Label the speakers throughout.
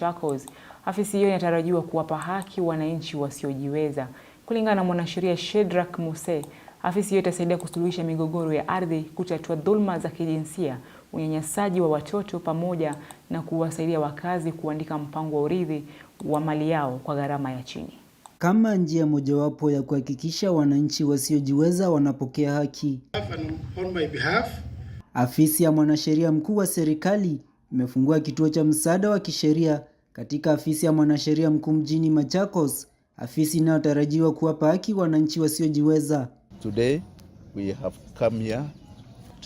Speaker 1: Machakos. Afisi hiyo inatarajiwa kuwapa haki wananchi wasiojiweza. Kulingana na mwanasheria Shedrack Muse, afisi hiyo itasaidia kusuluhisha migogoro ya ardhi, kutatua dhulma za kijinsia, unyanyasaji wa watoto, pamoja na kuwasaidia wakazi kuandika mpango wa urithi wa mali yao kwa gharama ya chini.
Speaker 2: Kama njia mojawapo ya kuhakikisha wananchi wasiojiweza wanapokea haki. Afisi ya mwanasheria mkuu wa serikali imefungua kituo cha msaada wa kisheria katika afisi ya mwanasheria mkuu mjini Machakos, afisi inayotarajiwa kuwapa haki wananchi wasiojiweza.
Speaker 3: Today we have come here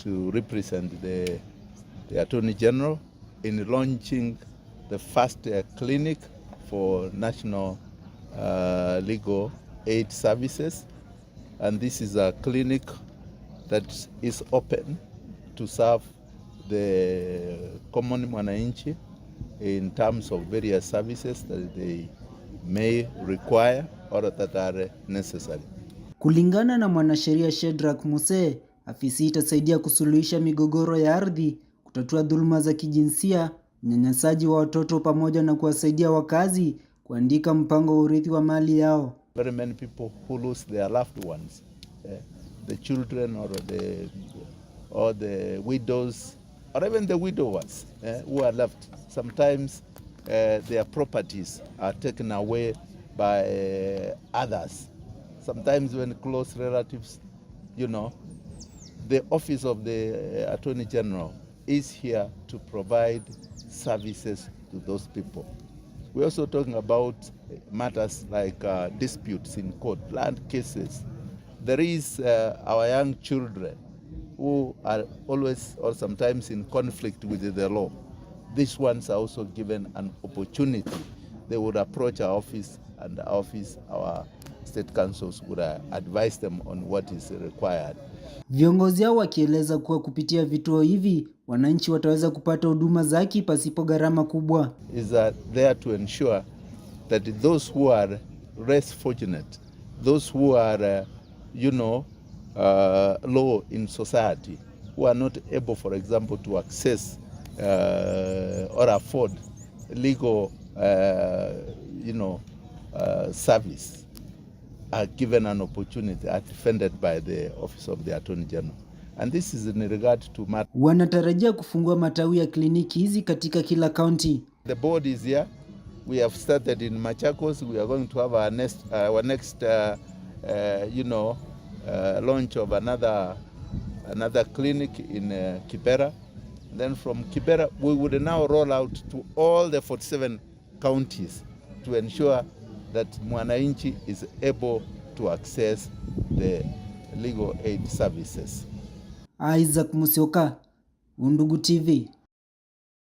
Speaker 3: to represent the, the Attorney General in launching the first uh, clinic for national uh, legal aid services and this is a clinic that is open to serve the common mwananchi in terms of various services that they may require or that are necessary.
Speaker 2: Kulingana na mwanasheria Shedrack Musse, afisi itasaidia kusuluhisha migogoro ya ardhi, kutatua dhuluma za kijinsia, unyanyasaji wa watoto pamoja na kuwasaidia wakazi kuandika mpango wa urithi wa mali yao.
Speaker 3: Very many people who lose their loved ones, uh, the children or the, or the widows or even the widowers eh, who are left. Sometimes uh, their properties are taken away by uh, others. Sometimes when close relatives, you know, the office of the Attorney General is here to provide services to those people. We're also talking about matters like uh, disputes in court, land cases. There is uh, our young children who are always or sometimes in conflict with the law. These ones are also given an opportunity. They would approach our office and our office, our state councils would uh, advise them on what is required.
Speaker 2: Viongozi hao wakieleza kuwa kupitia vituo hivi wananchi wataweza kupata huduma zaki pasipo gharama kubwa.
Speaker 3: Is there to ensure that those who are less fortunate, those who are, uh, you know, uh, law in society who are not able, for example, to access uh, or afford legal, uh, you know, uh, service are given an opportunity are defended by the Office of the Attorney General. And this is in regard to matter.
Speaker 2: Wanatarajia kufungua matawi ya kliniki hizi katika kila county
Speaker 3: The board is here. We have started in Machakos. We are going to have our next, uh, our next uh, uh, you know, Uh, launch of another another clinic in uh, Kibera. Then from Kibera, we would now roll out to all the 47 counties to ensure that mwananchi is able to access the legal aid services.
Speaker 2: Isaac Musioka, Undugu TV.